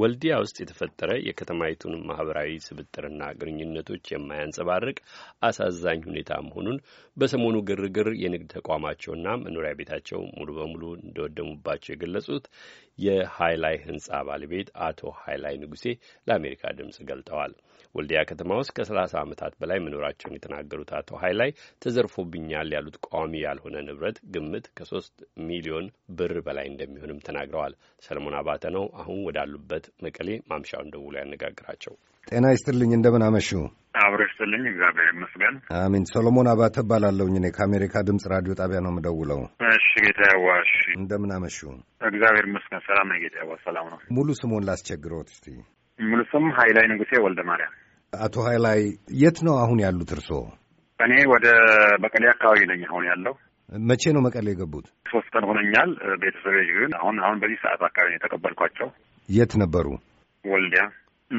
ወልዲያ ውስጥ የተፈጠረ የከተማይቱን ማህበራዊ ስብጥርና ግንኙነቶች የማያንጸባርቅ አሳዛኝ ሁኔታ መሆኑን በሰሞኑ ግርግር የንግድ ተቋማቸውና መኖሪያ ቤታቸው ሙሉ በሙሉ እንደወደሙባቸው የገለጹት የሃይላይ ህንፃ ባለቤት አቶ ሀይላይ ንጉሴ ለአሜሪካ ድምጽ ገልጠዋል። ወልዲያ ከተማ ውስጥ ከሰላሳ 30 ዓመታት በላይ መኖራቸውን የተናገሩት አቶ ሀይላይ ተዘርፎብኛል ያሉት ቋሚ ያልሆነ ንብረት ግምት ከሶስት ሚሊዮን ብር በላይ እንደሚሆንም ተናግረዋል። ሰለሞን አባተ ነው አሁን ወዳሉበት መቀሌ ማምሻውን ደውሎ ያነጋግራቸው። ጤና ይስጥልኝ፣ እንደምን አመሹ? አብሮ ይስጥልኝ፣ እግዚአብሔር ይመስገን። አሚን። ሰሎሞን አባተ እባላለሁኝ። እኔ ከአሜሪካ ድምፅ ራዲዮ ጣቢያ ነው የምደውለው። እሺ ጌታ ያዋሽ፣ እንደምን አመሹ? እግዚአብሔር ይመስገን፣ ሰላም ነው ጌታ ያዋ፣ ሰላም ነው። ሙሉ ስሙን ላስቸግረውት እስቲ ሙሉ ስም ሀይላይ ንጉሴ ወልደ ማርያም አቶ ሀይላይ የት ነው አሁን ያሉት እርስዎ? እኔ ወደ መቀሌ አካባቢ ነኝ አሁን ያለው። መቼ ነው መቀሌ የገቡት? ሶስት ቀን ሆነኛል። ቤተሰቤ ግን አሁን አሁን በዚህ ሰዓት አካባቢ ነው የተቀበልኳቸው። የት ነበሩ? ወልዲያ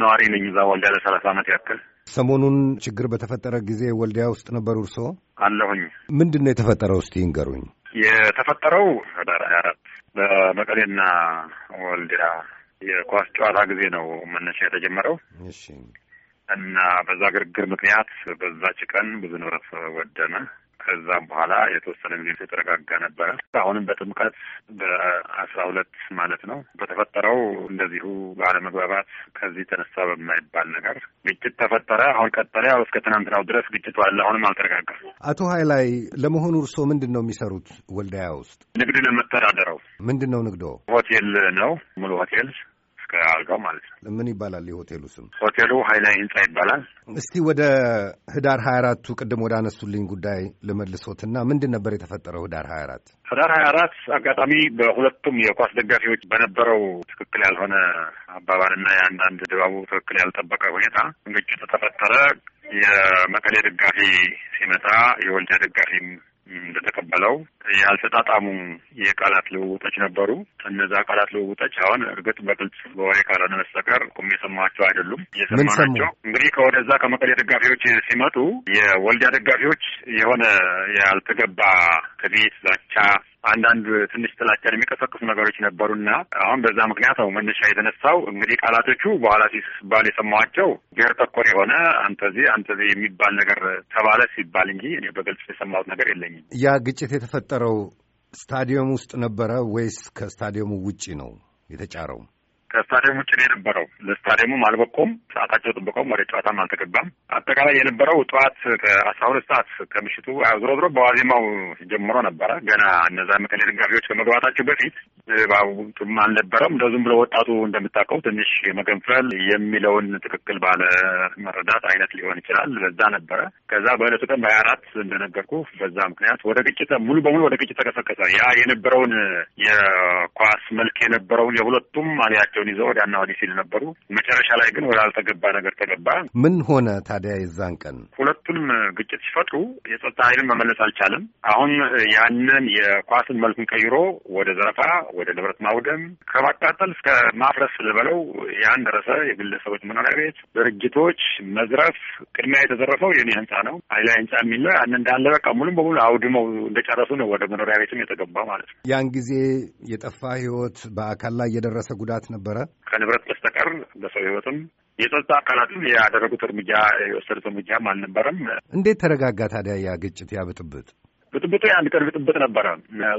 ነዋሪ ነኝ። እዛ ወልዲያ ለሰላሳ ዓመት ያክል። ሰሞኑን ችግር በተፈጠረ ጊዜ ወልዲያ ውስጥ ነበሩ እርስዎ? አለሁኝ። ምንድን ነው የተፈጠረው? እስቲ ይንገሩኝ። የተፈጠረው ህዳር ሀያ አራት በመቀሌና ወልዲያ የኳስ ጨዋታ ጊዜ ነው መነሻ የተጀመረው። እና በዛ ግርግር ምክንያት በዛች ቀን ብዙ ንብረት ወደመ። ከዛም በኋላ የተወሰነ ጊዜ የተረጋጋ ነበረ። አሁንም በጥምቀት በአስራ ሁለት ማለት ነው በተፈጠረው እንደዚሁ ባለመግባባት ከዚህ ተነሳ በማይባል ነገር ግጭት ተፈጠረ። አሁን ቀጠለ። ያው እስከ ትናንትናው ድረስ ግጭቱ አለ። አሁንም አልተረጋጋም። አቶ ሀይላይ ለመሆኑ እርስዎ ምንድን ነው የሚሰሩት? ወልዳያ ውስጥ ንግድ ነው የምተዳደረው። ምንድን ነው ንግዶ? ሆቴል ነው ሙሉ ሆቴል እስከ አልጋው ማለት ነው። ምን ይባላል የሆቴሉ ስም? ሆቴሉ ሀይላይ ህንጻ ይባላል። እስቲ ወደ ህዳር ሀያ አራቱ ቅድም ወደ አነሱልኝ ጉዳይ ልመልሶትና ምንድን ነበር የተፈጠረው ህዳር ሀያ አራት ህዳር ሀያ አራት አጋጣሚ በሁለቱም የኳስ ደጋፊዎች በነበረው ትክክል ያልሆነ አባባልና የአንዳንድ ድባቡ ትክክል ያልጠበቀ ሁኔታ ግጭት ተፈጠረ። የመቀሌ ደጋፊ ሲመጣ የወልዲያ ደጋፊም እንደተቀበለው ያልተጣጣሙ የቃላት ልውውጦች ነበሩ። እነዛ ቃላት ልውውጦች አሁን እርግጥ በግልጽ በወሬ ካልሆነ መስተቀር ቁም የሰማቸው አይደሉም። የሰማናቸው እንግዲህ ከወደዛ ከመቀሌ ደጋፊዎች ሲመጡ የወልዲያ ደጋፊዎች የሆነ ያልተገባ ትዕቢት፣ ዛቻ አንዳንድ ትንሽ ጥላቻን የሚቀሰቅሱ ነገሮች ነበሩና አሁን በዛ ምክንያት ነው መነሻ የተነሳው። እንግዲህ ቃላቶቹ በኋላ ሲባል የሰማኋቸው ብሔር ተኮር የሆነ አንተዚህ አንተዚህ የሚባል ነገር ተባለ ሲባል እንጂ እኔ በግልጽ የሰማሁት ነገር የለኝም። ያ ግጭት የተፈጠረው ስታዲየም ውስጥ ነበረ ወይስ ከስታዲየሙ ውጪ ነው የተጫረው? ከስታዲየም ውጭ ነው የነበረው። ለስታዲየሙም አልበቁም። ሰዓታቸው ጥብቀውም ወደ ጨዋታም አልተገባም። አጠቃላይ የነበረው ጠዋት ከአስራ ሁለት ሰዓት ከምሽቱ ዝሮ ዝሮ በዋዜማው ጀምሮ ነበረ። ገና እነዛ መቀሌ ደጋፊዎች ከመግባታቸው በፊት ባቡቱም አልነበረም። እንደዚሁም ብሎ ወጣቱ እንደምታውቀው ትንሽ መገንፈል የሚለውን ትክክል ባለ መረዳት አይነት ሊሆን ይችላል። በዛ ነበረ። ከዛ በእለቱ ቀን በሀያ አራት እንደነገርኩ በዛ ምክንያት ወደ ግጭት ሙሉ በሙሉ ወደ ግጭት ተቀሰቀሰ። ያ የነበረውን የኳስ መልክ የነበረውን የሁለቱም አሊያቸው ራሳቸውን ይዘው ወዲያና ወዲህ ሲል ነበሩ። መጨረሻ ላይ ግን ወደ አልተገባ ነገር ተገባ። ምን ሆነ ታዲያ? የዛን ቀን ሁለቱም ግጭት ሲፈጥሩ የጸጥታ ኃይልን መመለስ አልቻለም። አሁን ያንን የኳስን መልኩን ቀይሮ ወደ ዘረፋ፣ ወደ ንብረት ማውደም ከማቃጠል እስከ ማፍረስ ልበለው ያን ደረሰ። የግለሰቦች መኖሪያ ቤት፣ ድርጅቶች መዝረፍ። ቅድሚያ የተዘረፈው የኔ ህንጻ ነው ኃይላ ህንጻ የሚለው ያን እንዳለ በቃ ሙሉም በሙሉ አውድመው እንደጨረሱ ነው ወደ መኖሪያ ቤትም የተገባ ማለት ነው። ያን ጊዜ የጠፋ ህይወት በአካል ላይ የደረሰ ጉዳት ነበር ነበረ። ከንብረት በስተቀር በሰው ህይወትም የጸጥታ አካላትም ያደረጉት እርምጃ የወሰዱት እርምጃም አልነበረም። እንዴት ተረጋጋ ታዲያ ያ ግጭት ያ ብጥብጥ? ብጥብጡ የአንድ ቀን ብጥብጥ ነበረ።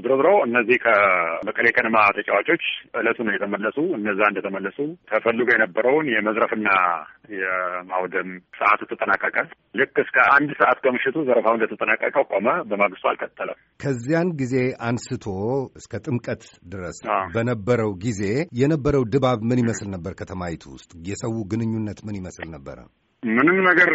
ዞሮ ዞሮ እነዚህ ከመቀሌ ከነማ ተጫዋቾች እለቱ ነው የተመለሱ። እነዛ እንደተመለሱ ተፈልጎ የነበረውን የመዝረፍና የማውደም ሰዓቱ ተጠናቀቀ። ልክ እስከ አንድ ሰዓት ከምሽቱ ዘረፋው እንደተጠናቀቀ ቆመ። በማግስቱ አልቀጠለም። ከዚያን ጊዜ አንስቶ እስከ ጥምቀት ድረስ በነበረው ጊዜ የነበረው ድባብ ምን ይመስል ነበር? ከተማይቱ ውስጥ የሰው ግንኙነት ምን ይመስል ነበረ? ምንም ነገር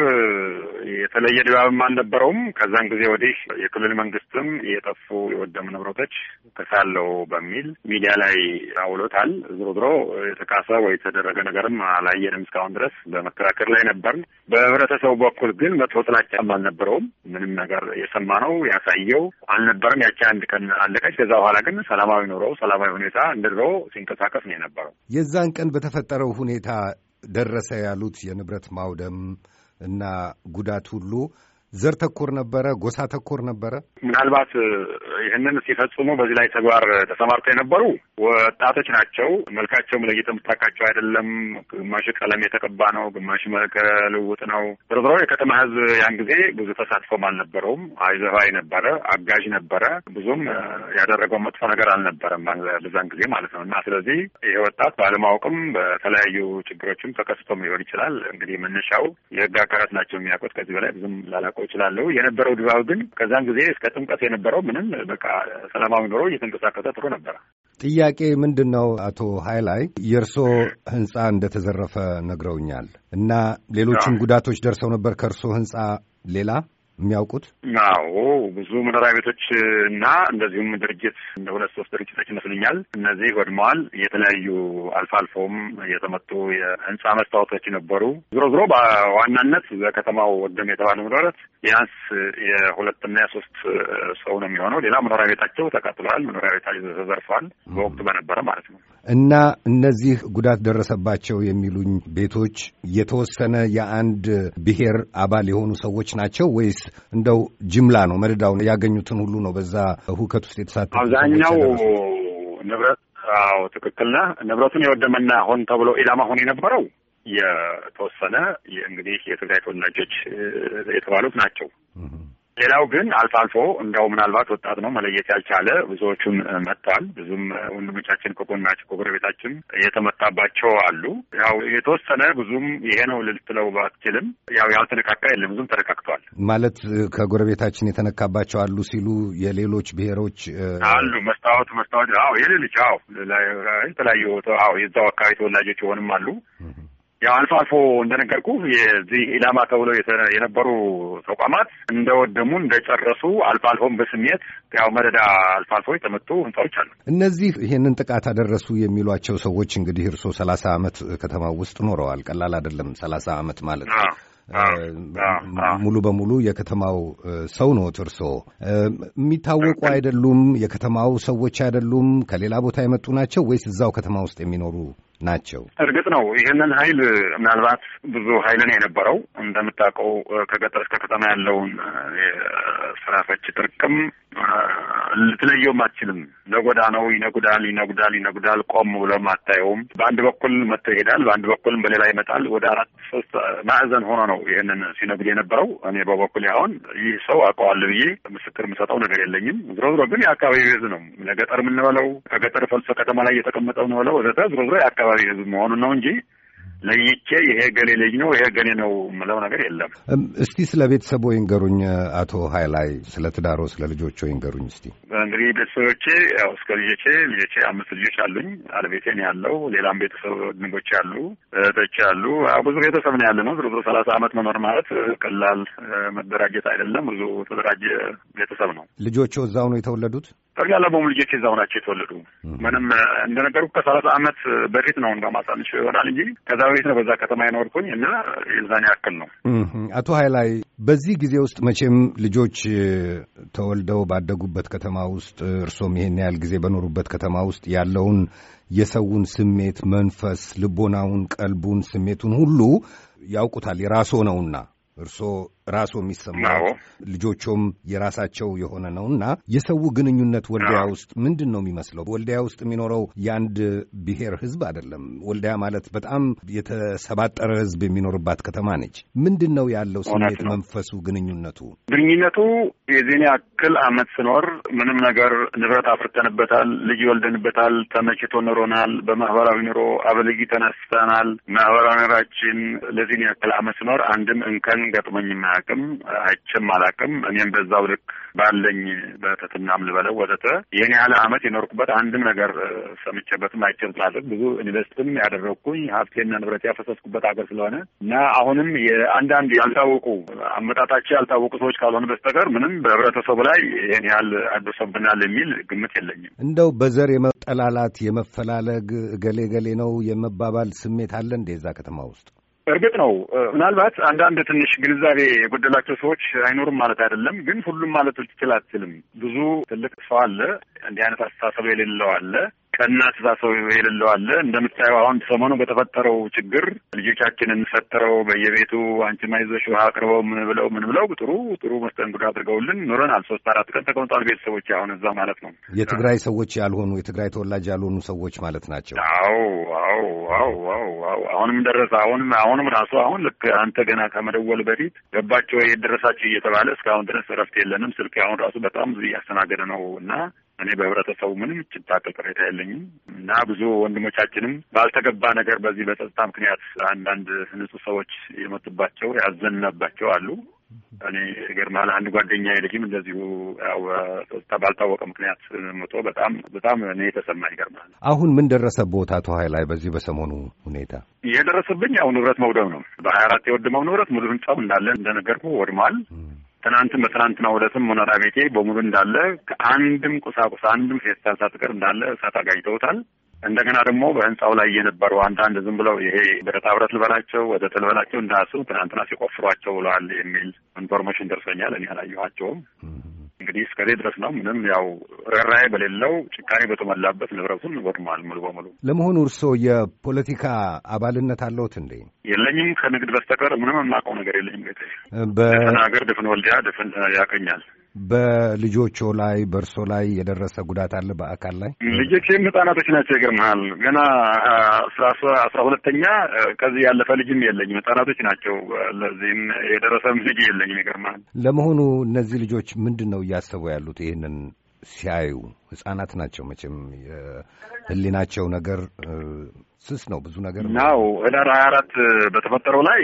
የተለየ ድባብም አልነበረውም። ከዛን ጊዜ ወዲህ የክልል መንግስትም የጠፉ የወደሙ ንብረቶች ተሳለው በሚል ሚዲያ ላይ አውሎታል። ዝሮ ዝሮ የተካሰ ወይ የተደረገ ነገርም አላየንም እስካሁን ድረስ በመከራከር ላይ ነበርን። በህብረተሰቡ በኩል ግን መጥፎ ጥላቻም አልነበረውም። ምንም ነገር የሰማ ነው ያሳየው አልነበረም። ያቺ አንድ ቀን አለቀች። ከዛ በኋላ ግን ሰላማዊ ኑሮ ሰላማዊ ሁኔታ እንደ ድሮ ሲንቀሳቀስ ነው የነበረው። የዛን ቀን በተፈጠረው ሁኔታ ደረሰ ያሉት የንብረት ማውደም እና ጉዳት ሁሉ ዘር ተኮር ነበረ፣ ጎሳ ተኮር ነበረ። ምናልባት ይህንን ሲፈጽሙ በዚህ ላይ ተግባር ተሰማርተው የነበሩ ወጣቶች ናቸው። መልካቸውም ለይተህ የምታውቃቸው አይደለም። ግማሽ ቀለም የተቀባ ነው፣ ግማሽ መልከ ልውጥ ነው። ዞሮ ዞሮ የከተማ ህዝብ ያን ጊዜ ብዙ ተሳትፎም አልነበረውም። አይዘባይ ነበረ፣ አጋዥ ነበረ። ብዙም ያደረገው መጥፎ ነገር አልነበረም በዛን ጊዜ ማለት ነው። እና ስለዚህ ይህ ወጣት ባለማወቅም በተለያዩ ችግሮችም ተከስቶም ሊሆን ይችላል። እንግዲህ መነሻው የህግ አካላት ናቸው የሚያውቁት። ከዚህ በላይ ብዙም ላላውቀው ይችላለሁ። የነበረው ድባብ ግን ከዛን ጊዜ እስከ ጥምቀት የነበረው ምንም በቃ ሰላማዊ ኑሮ እየተንቀሳቀሰ ጥሩ ነበረ። ጥያቄ ምንድን ነው? አቶ ሀይላይ የእርሶ ህንፃ እንደተዘረፈ ነግረውኛል እና ሌሎችም ጉዳቶች ደርሰው ነበር ከእርሶ ህንፃ ሌላ የሚያውቁት? አዎ ብዙ መኖሪያ ቤቶች እና እንደዚሁም ድርጅት እንደ ሁለት ሶስት ድርጅቶች ይመስልኛል እነዚህ ወድመዋል። የተለያዩ አልፎ አልፎም የተመጡ የህንፃ መስታወቶች ነበሩ። ዞሮ ዞሮ በዋናነት በከተማው ወደም የተባለ መኖረት ቢያንስ የሁለትና የሶስት ሰው ነው የሚሆነው። ሌላ መኖሪያ ቤታቸው ተቃጥለዋል። መኖሪያ ቤታቸው ተዘርፈዋል። በወቅቱ በነበረ ማለት ነው እና እነዚህ ጉዳት ደረሰባቸው የሚሉኝ ቤቶች የተወሰነ የአንድ ብሔር አባል የሆኑ ሰዎች ናቸው ወይስ እንደው ጅምላ ነው መደዳውን ያገኙትን ሁሉ ነው በዛ ሁከት ውስጥ የተሳተፉ አብዛኛው ንብረት? አዎ ትክክል ነህ። ንብረቱን የወደመና ሆን ተብሎ ኢላማ ሆኖ የነበረው የተወሰነ እንግዲህ የትግራይ ተወላጆች የተባሉት ናቸው። ሌላው ግን አልፎ አልፎ እንደው ምናልባት ወጣት ነው መለየት ያልቻለ ብዙዎቹም መጥተዋል። ብዙም ወንድሞቻችን ከጎናችን ከጎረቤታችን የተመጣባቸው አሉ። ያው የተወሰነ ብዙም ይሄ ነው ልትለው ባትችልም ያው ያልተነካካ የለም። ብዙም ተነካክቷል ማለት ከጎረቤታችን የተነካባቸው አሉ ሲሉ የሌሎች ብሔሮች አሉ። መስታወት መስታወት ው የሌሎች ው የተለያዩ ው የዛው አካባቢ ተወላጆች የሆንም አሉ ያው አልፎ አልፎ እንደነገርኩ የዚህ ኢላማ ተብለው የነበሩ ተቋማት እንደወደሙ እንደጨረሱ፣ አልፎ አልፎም በስሜት ያው መደዳ አልፎ አልፎ የተመቱ ህንፃዎች አሉ። እነዚህ ይህንን ጥቃት አደረሱ የሚሏቸው ሰዎች እንግዲህ እርስዎ ሰላሳ አመት ከተማ ውስጥ ኖረዋል። ቀላል አይደለም ሰላሳ አመት ማለት ነው። ሙሉ በሙሉ የከተማው ሰው ኖት። እርስዎ የሚታወቁ አይደሉም፣ የከተማው ሰዎች አይደሉም። ከሌላ ቦታ የመጡ ናቸው ወይስ እዛው ከተማ ውስጥ የሚኖሩ ናቸው። እርግጥ ነው ይህንን ኃይል ምናልባት ብዙ ኃይልን የነበረው እንደምታውቀው ከገጠር እስከ ከተማ ያለውን የስራ ፈች ጥርቅም ልትለየውም አትችልም። ለጎዳናው ይነጉዳል ይነጉዳል ይነጉዳል ቆም ብሎም አታየውም። በአንድ በኩል መጥቶ ይሄዳል፣ በአንድ በኩልም በሌላ ይመጣል። ወደ አራት ሶስት ማዕዘን ሆኖ ነው ይህንን ሲነግድ የነበረው። እኔ በበኩል አሁን ይህ ሰው አውቀዋለሁ ብዬ ምስክር የምሰጠው ነገር የለኝም። ዝሮ ዝሮ ግን የአካባቢ ቤዝ ነው ለገጠር የምንበለው ከገጠር ፈልሶ ከተማ ላይ እየተቀመጠው ነው ብለው ወዘተ ዝሮ ዝሮ የአካባቢ አካባቢ ህዝብ መሆኑ ነው እንጂ ለይቼ ይሄ ገሌ ልጅ ነው ይሄ ገሌ ነው ምለው ነገር የለም። እስቲ ስለ ቤተሰቦ ይንገሩኝ አቶ ሀይላይ፣ ስለ ትዳሮ፣ ስለ ልጆቹ ይንገሩኝ እስቲ። እንግዲህ ቤተሰቦቼ ያው እስከ ልጆቼ ልጆቼ አምስት ልጆች አሉኝ። አለቤቴን ያለው። ሌላም ቤተሰብ ድንጎች አሉ፣ እህቶች አሉ። ብዙ ቤተሰብ ነው ያለ ነው። ዝሮ ዝሮ ሰላሳ አመት መኖር ማለት ቀላል መደራጀት አይደለም። ብዙ ተደራጀ ቤተሰብ ነው። ልጆቹ እዛው ነው የተወለዱት? ጠቅላላ በሙሉ ልጆች ናቸው የተወለዱ። ምንም እንደነበርኩ ከሰላሳ አመት በፊት ነው እንደ ማሳንሽ ይሆናል እንጂ ከዛ በፊት ነው በዛ ከተማ የኖርኩኝ እና የዛን ያክል ነው። አቶ ሀይላይ በዚህ ጊዜ ውስጥ መቼም ልጆች ተወልደው ባደጉበት ከተማ ውስጥ እርሶም ይሄን ያህል ጊዜ በኖሩበት ከተማ ውስጥ ያለውን የሰውን ስሜት፣ መንፈስ፣ ልቦናውን፣ ቀልቡን፣ ስሜቱን ሁሉ ያውቁታል የራስዎ ነውና እርሶ ራሱ የሚሰማው ልጆቹም የራሳቸው የሆነ ነው እና የሰው ግንኙነት ወልዲያ ውስጥ ምንድን ነው የሚመስለው? ወልዲያ ውስጥ የሚኖረው የአንድ ብሔር ህዝብ አይደለም። ወልዲያ ማለት በጣም የተሰባጠረ ህዝብ የሚኖርባት ከተማ ነች። ምንድን ነው ያለው ስሜት፣ መንፈሱ፣ ግንኙነቱ? ግንኙነቱ የዜና ያክል አመት ስኖር ምንም ነገር ንብረት አፍርተንበታል፣ ልጅ ወልደንበታል፣ ተመችቶ ኖሮናል። በማህበራዊ ኑሮ አበልጊ ተነስተናል። ማህበራዊ ኑራችን ለዚህን ያክል አመት ስኖር አንድም እንከን ገጥመኝ አያውቅም፣ አይቼም አላውቅም። እኔም በዛው ልክ ባለኝ በትትናም ልበለው ወተተ ይህን ያህል አመት የኖርኩበት አንድም ነገር ሰምቼበትም አይቼም ስላልቅ ብዙ ኢንቨስትም ያደረግኩኝ ሀብቴና ንብረት ያፈሰስኩበት ሀገር ስለሆነ እና አሁንም የአንዳንድ ያልታወቁ አመጣጣቸው ያልታወቁ ሰዎች ካልሆነ በስተቀር ምንም በህብረተሰቡ ላይ ይህን ያህል አድርሶብናል የሚል ግምት የለኝም። እንደው በዘር የመጠላላት የመፈላለግ እገሌ ገሌ ነው የመባባል ስሜት አለ እንደዛ ከተማ ውስጥ? እርግጥ ነው ምናልባት አንዳንድ ትንሽ ግንዛቤ የጎደላቸው ሰዎች አይኖሩም ማለት አይደለም። ግን ሁሉም ማለት ትችል አትችልም። ብዙ ትልቅ ሰው አለ፣ እንዲህ አይነት አስተሳሰብ የሌለው አለ። ቀና አስተሳሰብ የሌለው አለ። እንደምታየው አሁን ሰሞኑ በተፈጠረው ችግር ልጆቻችንን ፈጠረው በየቤቱ አንቺ ማይዞሽ ውሃ አቅርበው ምን ብለው ምን ብለው ጥሩ ጥሩ መስተንግዶ አድርገውልን ኖረናል። ሶስት አራት ቀን ተቀምጧል። ቤተሰቦች አሁን እዛ ማለት ነው። የትግራይ ሰዎች ያልሆኑ የትግራይ ተወላጅ ያልሆኑ ሰዎች ማለት ናቸው። አዎ አዎ አዎ አዎ አዎ። አሁንም ደረሰ። አሁንም አሁንም ራሱ አሁን ልክ አንተ ገና ከመደወል በፊት ገባቸው የደረሳቸው እየተባለ እስካሁን ድረስ እረፍት የለንም። ስልክ አሁን ራሱ በጣም እያስተናገደ ነው እና እኔ በህብረተሰቡ ምንም ችንታቅ ቅሬታ የለኝም እና ብዙ ወንድሞቻችንም ባልተገባ ነገር በዚህ በጸጥታ ምክንያት አንዳንድ ንጹህ ሰዎች የመጡባቸው ያዘናባቸው አሉ። እኔ ይገርማል አንድ ጓደኛ ልጅም እንደዚሁ ያው ጸጥታ ባልታወቀ ምክንያት መጦ በጣም በጣም እኔ የተሰማ ይገርማል። አሁን ምን ደረሰቦት አቶ ሀይ ላይ በዚህ በሰሞኑ ሁኔታ የደረሰብኝ ያው ንብረት መውደም ነው። በሀያ አራት የወደመው ንብረት ሙሉ ህንጻው እንዳለን እንደነገርኩ ወድሟል። ትናንትም በትናንትና ውለትም መኖሪያ ቤቴ በሙሉ እንዳለ ከአንድም ቁሳቁስ አንድም ፌስታል ሳትቀር እንዳለ እሳት አጋይተውታል። እንደገና ደግሞ በህንፃው ላይ የነበሩ አንዳንድ ዝም ብለው ይሄ ብረታ ብረት ልበላቸው ወደ ተልበላቸው እንዳሱ ትናንትና ሲቆፍሯቸው ብለዋል የሚል ኢንፎርሜሽን ደርሶኛል። እኔ አላየኋቸውም። እንግዲህ እስከዚህ ድረስ ነው። ምንም ያው ርኅራኄ በሌለው ጭካኔ በተሞላበት ንብረቱን ወድሟል ሙሉ በሙሉ። ለመሆኑ እርስዎ የፖለቲካ አባልነት አለዎት እንዴ? የለኝም። ከንግድ በስተቀር ምንም የማውቀው ነገር የለኝም። ቤተ በተናገር ድፍን ወልዲያ ድፍን ያቀኛል በልጆቹ ላይ በእርሶ ላይ የደረሰ ጉዳት አለ? በአካል ላይ ልጆቼም ህጻናቶች ናቸው። ይገርመሃል ገና አስራ ሁለተኛ ከዚህ ያለፈ ልጅም የለኝም። ህጻናቶች ናቸው። ለዚህም የደረሰም ልጅ የለኝም። ይገርመሃል። ለመሆኑ እነዚህ ልጆች ምንድን ነው እያሰቡ ያሉት? ይህንን ሲያዩ ህጻናት ናቸው መቼም የህሊናቸው ነገር ስስ ነው። ብዙ ነገር ናው ህዳር ሀያ አራት በተፈጠረው ላይ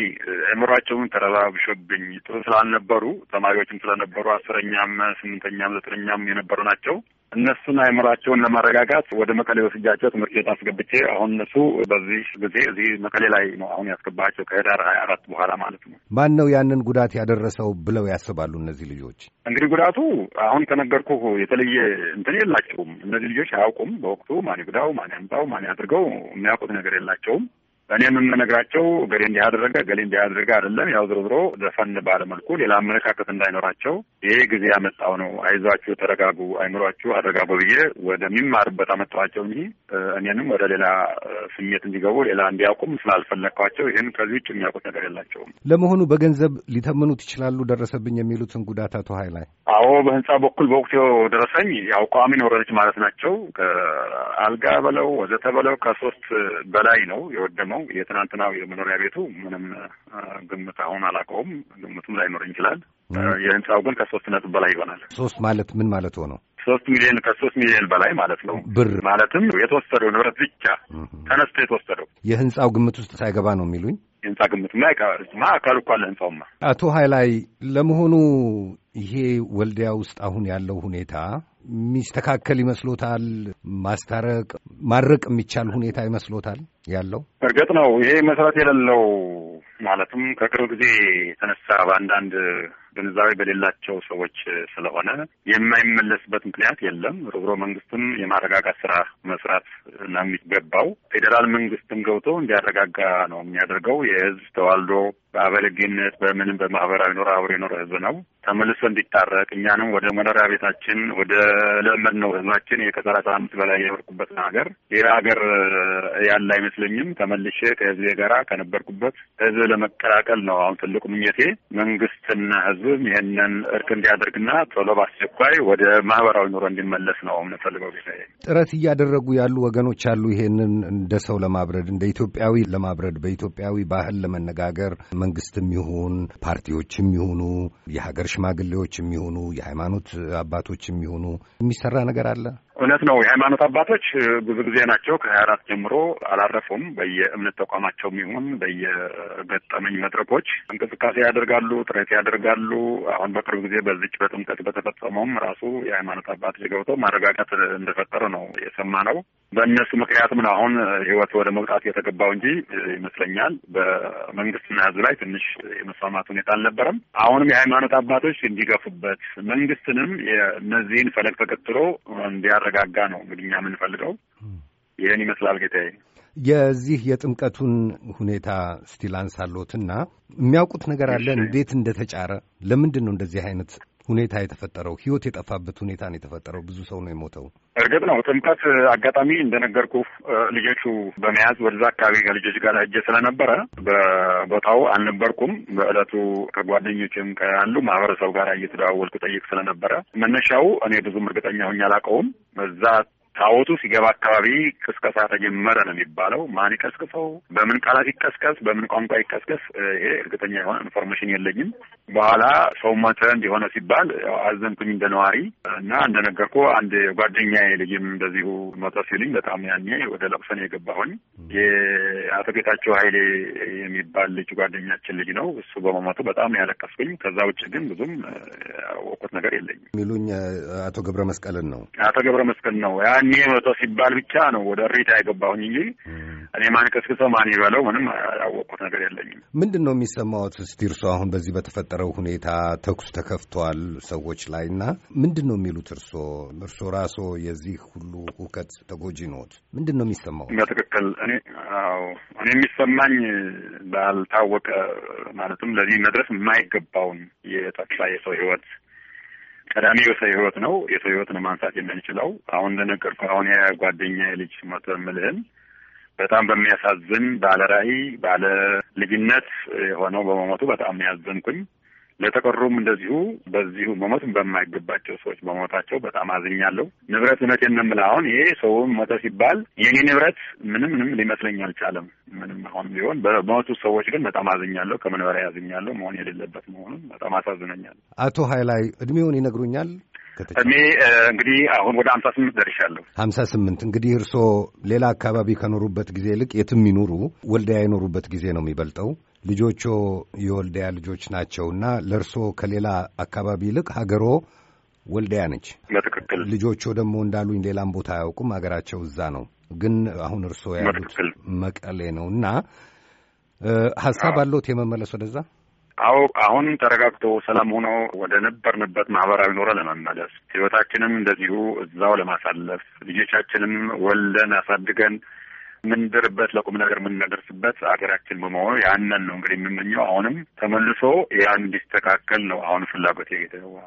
አእምሯቸውን ተረባብሾብኝ ጥሩ ስላልነበሩ ተማሪዎችም ስለነበሩ አስረኛም ስምንተኛም ዘጠነኛም የነበሩ ናቸው እነሱን አይምራቸውን ለማረጋጋት ወደ መቀሌ ወስጃቸው ትምህርት ቤት አስገብቼ አሁን እነሱ በዚህ ጊዜ እዚህ መቀሌ ላይ ነው አሁን ያስገባቸው ከህዳር ሀያ አራት በኋላ ማለት ነው። ማን ነው ያንን ጉዳት ያደረሰው ብለው ያስባሉ እነዚህ ልጆች? እንግዲህ ጉዳቱ አሁን ከነገርኩ የተለየ እንትን የላቸውም። እነዚህ ልጆች አያውቁም። በወቅቱ ማን ይጉዳው፣ ማን ያምጣው፣ ማን ያድርገው የሚያውቁት ነገር የላቸውም። እኔ የምንነግራቸው ገሌ እንዲያደረገ ገሌ እንዲያደረገ አይደለም። ያው ዝሮ ዝሮ ዘፈን ባለ ሌላ አመለካከት እንዳይኖራቸው ይሄ ጊዜ ያመጣው ነው፣ አይዟችሁ፣ ተረጋጉ፣ አይምሯችሁ አረጋጉ ብዬ ወደሚማርበት አመጣኋቸው እንጂ እኔንም ወደ ሌላ ስሜት እንዲገቡ ሌላ እንዲያውቁም ስላልፈለግኳቸው ይህን ከዚህ ውጭ የሚያውቁት ነገር የላቸውም። ለመሆኑ በገንዘብ ሊተምኑት ይችላሉ ደረሰብኝ የሚሉትን ጉዳት አቶ ሀይላይ? አዎ በህንፃ በኩል በወቅት ደረሰኝ ያው ቋሚ ንብረቶች ማለት ናቸው። ከአልጋ በለው ወዘተ በለው ከሶስት በላይ ነው የወደመው ነው። የትናንትናው የመኖሪያ ቤቱ ምንም ግምት አሁን አላውቀውም፣ ግምቱም ላይኖር ይችላል። የህንፃው ግን ከሶስት ነጥብ በላይ ይሆናል። ሶስት ማለት ምን ማለት ሆነው? ሶስት ሚሊዮን ከሶስት ሚሊዮን በላይ ማለት ነው ብር ማለትም የተወሰደው ንብረት ብቻ ተነስቶ የተወሰደው የህንፃው ግምት ውስጥ ሳይገባ ነው የሚሉኝ የህንፃ ግምትማ ማ አካል እኳ አለ አቶ ሀይላይ ለመሆኑ ይሄ ወልዲያ ውስጥ አሁን ያለው ሁኔታ የሚስተካከል ይመስሎታል? ማስታረቅ ማድረቅ የሚቻል ሁኔታ ይመስሎታል ያለው? እርግጥ ነው ይሄ መሰረት የሌለው ማለትም ከቅርብ ጊዜ የተነሳ በአንዳንድ ግንዛቤ በሌላቸው ሰዎች ስለሆነ የማይመለስበት ምክንያት የለም። ርብሮ መንግስትም የማረጋጋት ስራ መስራት ነው የሚገባው። ፌዴራል መንግስትም ገብቶ እንዲያረጋጋ ነው የሚያደርገው። የህዝብ ተዋልዶ በአበልግነት በምንም በማህበራዊ ኖር አብሮ የኖረ ህዝብ ነው። ተመልሶ እንዲታረቅ እኛንም ወደ መኖሪያ ቤታችን ወደ ለመድ ነው ህዝባችን ከሰላሳ አምስት በላይ የኖርኩበት ሀገር ሌላ ሀገር ያለ አይመስለኝም። ተመልሼ ከህዝቤ ጋራ ከነበርኩበት ህዝብ ለመቀላቀል ነው አሁን ትልቁ ምኞቴ። መንግስትና ህዝብም ይህንን እርቅ እንዲያደርግና ቶሎ በአስቸኳይ ወደ ማህበራዊ ኑሮ እንዲመለስ ነው የምንፈልገው። ቤታ ጥረት እያደረጉ ያሉ ወገኖች አሉ። ይሄንን እንደ ሰው ለማብረድ እንደ ኢትዮጵያዊ ለማብረድ በኢትዮጵያዊ ባህል ለመነጋገር መንግስትም ይሁን ፓርቲዎችም ይሁኑ የሀገር ሽማግሌዎችም ይሁኑ የሃይማኖት አባቶችም ይሁኑ የሚሰራ ነገር አለ? እውነት ነው። የሃይማኖት አባቶች ብዙ ጊዜ ናቸው ከሀያ አራት ጀምሮ አላረፉም። በየእምነት ተቋማቸውም ይሁን በየገጠመኝ መድረኮች እንቅስቃሴ ያደርጋሉ፣ ጥረት ያደርጋሉ። አሁን በቅርብ ጊዜ በዚች በጥምቀት በተፈጸመውም ራሱ የሃይማኖት አባቶች ገብተው ማረጋጋት እንደፈጠረ ነው ነው። በእነሱ ምክንያትም ነው አሁን ህይወት ወደ መውጣት የተገባው እንጂ ይመስለኛል በመንግስትና ህዝብ ላይ ትንሽ የመስማማት ሁኔታ አልነበረም። አሁንም የሃይማኖት አባቶች እንዲገፉበት መንግስትንም የእነዚህን ፈለግ ተከትሎ እንዲያ እንዲረጋጋ ነው እንግዲህ እኛ የምንፈልገው። ይህን ይመስላል ጌታዬ። የዚህ የጥምቀቱን ሁኔታ ስቲላንስ አንሳሎትና የሚያውቁት ነገር አለ እንዴት እንደተጫረ ለምንድን ነው እንደዚህ አይነት ሁኔታ የተፈጠረው? ህይወት የጠፋበት ሁኔታ ነው የተፈጠረው። ብዙ ሰው ነው የሞተው። እርግጥ ነው ጥምቀት አጋጣሚ እንደነገርኩ ልጆቹ በመያዝ ወደዛ አካባቢ ከልጆች ጋር እጀ ስለነበረ በቦታው አልነበርኩም። በእለቱ ከጓደኞችም ከአንዱ ማህበረሰቡ ጋር እየተደዋወልኩ ጠይቅ ስለነበረ መነሻው እኔ ብዙም እርግጠኛ ሆኜ አላውቀውም። እዛ ታቦቱ ሲገባ አካባቢ ቅስቀሳ ተጀመረ ነው የሚባለው። ማን ይቀስቅሰው፣ በምን ቃላት ይቀስቀስ፣ በምን ቋንቋ ይቀስቀስ፣ ይሄ እርግጠኛ የሆነ ኢንፎርሜሽን የለኝም። በኋላ ሰው ሞተ እንዲሆነ ሲባል አዘንኩኝ እንደ ነዋሪ እና እንደነገርኩ አንድ ጓደኛ ልጅም እንደዚሁ ሞተ ሲሉኝ በጣም ያኔ ወደ ለቅሶ የገባሁኝ። የአቶ ጌታቸው ኃይሌ የሚባል ልጅ ጓደኛችን ልጅ ነው። እሱ በመሞቱ በጣም ያለቀስኩኝ። ከዛ ውጭ ግን ብዙም ያወቅሁት ነገር የለኝም። የሚሉኝ አቶ ገብረ መስቀልን ነው። አቶ ገብረ መስቀል ነው ያን እኔ መቶ ሲባል ብቻ ነው ወደ እሪታ የገባሁኝ እንጂ እኔ ማን ቀስቅሰው ማን ይበለው ምንም ያወቅኩት ነገር የለኝም። ምንድን ነው የሚሰማዎት እስቲ እርሶ አሁን በዚህ በተፈጠረው ሁኔታ ተኩስ ተከፍቷል ሰዎች ላይ እና ምንድን ነው የሚሉት እርሶ እርሶ ራሶ የዚህ ሁሉ ሁከት ተጎጂ ነዎት። ምንድን ነው የሚሰማው? ትክክል እኔ አዎ እኔ የሚሰማኝ ባልታወቀ ማለትም ለዚህ መድረስ የማይገባውን የጠቅላይ የሰው ህይወት ቀዳሚ የሰው ህይወት ነው። የሰው ህይወት ነው ማንሳት የምንችለው። አሁን እንደነገርኩ አሁን ጓደኛ ልጅ ሞተ የምልህን በጣም በሚያሳዝን ባለ ራዕይ ባለ ልጅነት የሆነው በመሞቱ በጣም ያዘንኩኝ ለተቀሩም እንደዚሁ በዚሁ መሞት በማይገባቸው ሰዎች በሞታቸው በጣም አዝኛለሁ። ንብረት እውነት የምልህ አሁን ይሄ ሰውም ሞተ ሲባል የኔ ንብረት ምንም ምንም ሊመስለኝ አልቻለም። ምንም አሁን ቢሆን በሞቱ ሰዎች ግን በጣም አዝኛለሁ። ከመንበሪያ ያዝኛለሁ። መሆን የሌለበት መሆኑን በጣም አሳዝነኛል። አቶ ሀይላይ እድሜውን ይነግሩኛል? እኔ እንግዲህ አሁን ወደ ሀምሳ ስምንት ደርሻለሁ። ሀምሳ ስምንት እንግዲህ እርስዎ ሌላ አካባቢ ከኖሩበት ጊዜ ይልቅ የትም ይኑሩ ወልዲያ የኖሩበት ጊዜ ነው የሚበልጠው። ልጆቹ የወልዲያ ልጆች ናቸውና ለእርስዎ ከሌላ አካባቢ ይልቅ ሀገሮ ወልዲያ ነች። በትክክል ልጆቹ ደግሞ እንዳሉኝ ሌላም ቦታ አያውቁም፣ ሀገራቸው እዛ ነው። ግን አሁን እርስዎ ያሉት መቀሌ ነው እና ሀሳብ አለዎት የመመለስ ወደዛ? አዎ አሁን ተረጋግቶ ሰላም ሆኖ ወደ ነበርንበት ማህበራዊ ኑሮ ለመመለስ ህይወታችንም እንደዚሁ እዛው ለማሳለፍ ልጆቻችንም ወልደን አሳድገን የምንድርበት ለቁም ነገር የምንደርስበት አገራችን በመሆኑ ያንን ነው እንግዲህ የምመኘው። አሁንም ተመልሶ ያ እንዲስተካከል ነው አሁን ፍላጎት የተዋ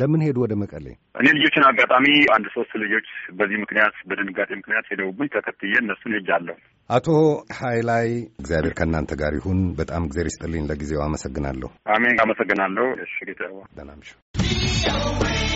ለምን ሄዱ ወደ መቀሌ? እኔ ልጆችን አጋጣሚ አንድ ሶስት ልጆች በዚህ ምክንያት በድንጋጤ ምክንያት ሄደውብኝ ተከትዬ እነሱን ሄጃለሁ። አቶ ሀይላይ እግዚአብሔር ከእናንተ ጋር ይሁን። በጣም እግዚአብሔር ይስጥልኝ። ለጊዜው አመሰግናለሁ። አሜን። አመሰግናለሁ። እሺ ደናምሽ